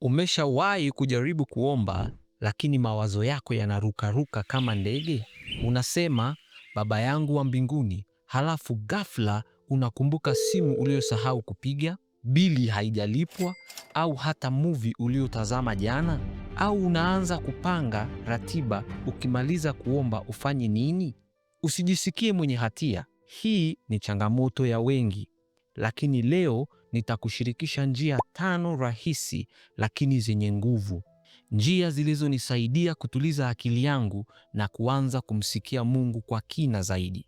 Umeshawahi kujaribu kuomba lakini mawazo yako yanarukaruka kama ndege? Unasema baba yangu wa mbinguni, halafu ghafla unakumbuka simu uliyosahau kupiga, bili haijalipwa, au hata muvi uliotazama jana. Au unaanza kupanga ratiba, ukimaliza kuomba ufanye nini? Usijisikie mwenye hatia. Hii ni changamoto ya wengi, lakini leo nitakushirikisha njia tano rahisi lakini zenye nguvu, njia zilizonisaidia kutuliza akili yangu na kuanza kumsikia Mungu kwa kina zaidi.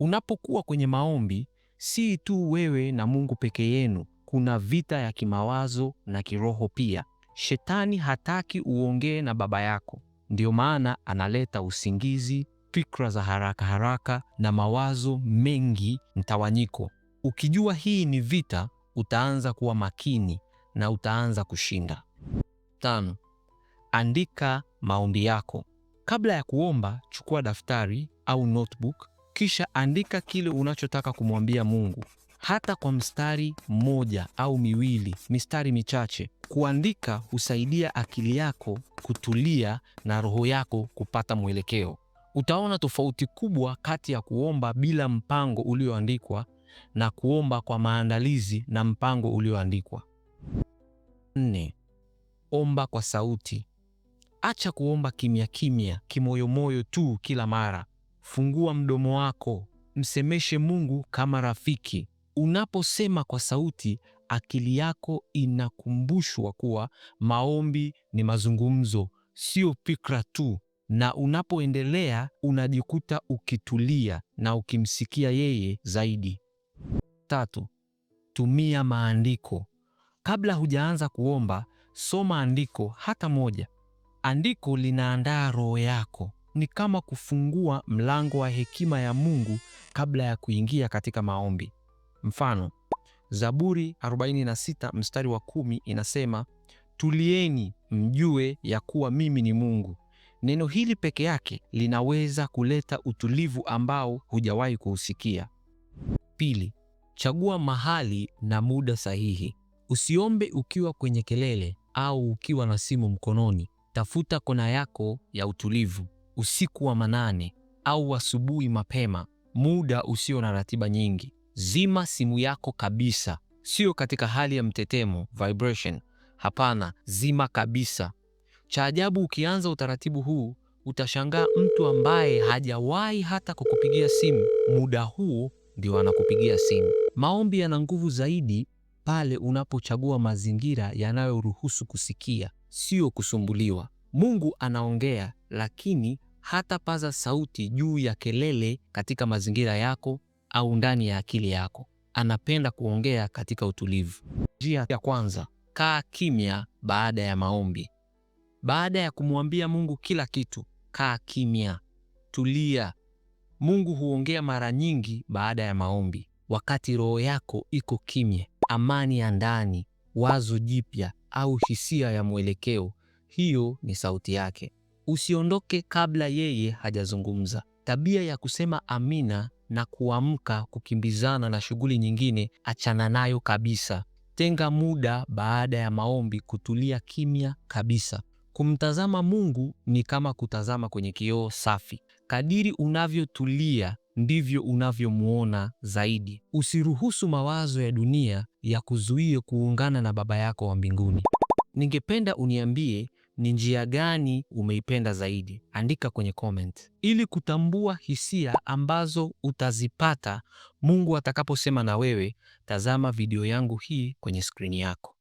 Unapokuwa kwenye maombi, si tu wewe na Mungu peke yenu, kuna vita ya kimawazo na kiroho pia. Shetani hataki uongee na baba yako, ndiyo maana analeta usingizi, fikra za haraka haraka na mawazo mengi mtawanyiko. Ukijua hii ni vita, utaanza kuwa makini na utaanza kushinda. Tano, andika maombi yako. Kabla ya kuomba, chukua daftari au notebook, kisha andika kile unachotaka kumwambia Mungu, hata kwa mstari mmoja au miwili, mistari michache. Kuandika husaidia akili yako kutulia na roho yako kupata mwelekeo. Utaona tofauti kubwa kati ya kuomba bila mpango ulioandikwa na kuomba kwa maandalizi na mpango ulioandikwa. Nne, omba kwa sauti. Acha kuomba kimya kimya, kimoyomoyo tu kila mara. Fungua mdomo wako, msemeshe Mungu kama rafiki. Unaposema kwa sauti, akili yako inakumbushwa kuwa maombi ni mazungumzo, sio fikra tu na unapoendelea unajikuta ukitulia na ukimsikia yeye zaidi. Tatu, tumia maandiko. Kabla hujaanza kuomba, soma andiko hata moja. Andiko linaandaa roho yako, ni kama kufungua mlango wa hekima ya Mungu kabla ya kuingia katika maombi. Mfano, Zaburi 46 mstari wa kumi inasema, tulieni mjue ya kuwa mimi ni Mungu. Neno hili peke yake linaweza kuleta utulivu ambao hujawahi kuusikia. Pili, chagua mahali na muda sahihi. Usiombe ukiwa kwenye kelele au ukiwa na simu mkononi. Tafuta kona yako ya utulivu, usiku wa manane au asubuhi mapema, muda usio na ratiba nyingi. Zima simu yako kabisa, sio katika hali ya mtetemo vibration. Hapana, zima kabisa. Cha ajabu, ukianza utaratibu huu utashangaa mtu ambaye hajawahi hata kukupigia simu muda huu ndio anakupigia simu. Maombi yana nguvu zaidi pale unapochagua mazingira yanayoruhusu kusikia, sio kusumbuliwa. Mungu anaongea, lakini hata paza sauti juu ya kelele katika mazingira yako au ndani ya akili yako. Anapenda kuongea katika utulivu. Njia ya kwanza, kaa kimya baada ya maombi. Baada ya kumwambia Mungu kila kitu, kaa kimya, tulia. Mungu huongea mara nyingi baada ya maombi, wakati roho yako iko kimya. Amani ya ndani, wazo jipya au hisia ya mwelekeo, hiyo ni sauti yake. Usiondoke kabla yeye hajazungumza. Tabia ya kusema amina na kuamka kukimbizana na shughuli nyingine, achana nayo kabisa. Tenga muda baada ya maombi kutulia kimya kabisa. Kumtazama Mungu ni kama kutazama kwenye kioo safi. Kadiri unavyotulia ndivyo unavyomwona zaidi. Usiruhusu mawazo ya dunia ya kuzuie kuungana na Baba yako wa mbinguni. Ningependa uniambie ni njia gani umeipenda zaidi? Andika kwenye comment. Ili kutambua hisia ambazo utazipata Mungu atakaposema na wewe, tazama video yangu hii kwenye skrini yako.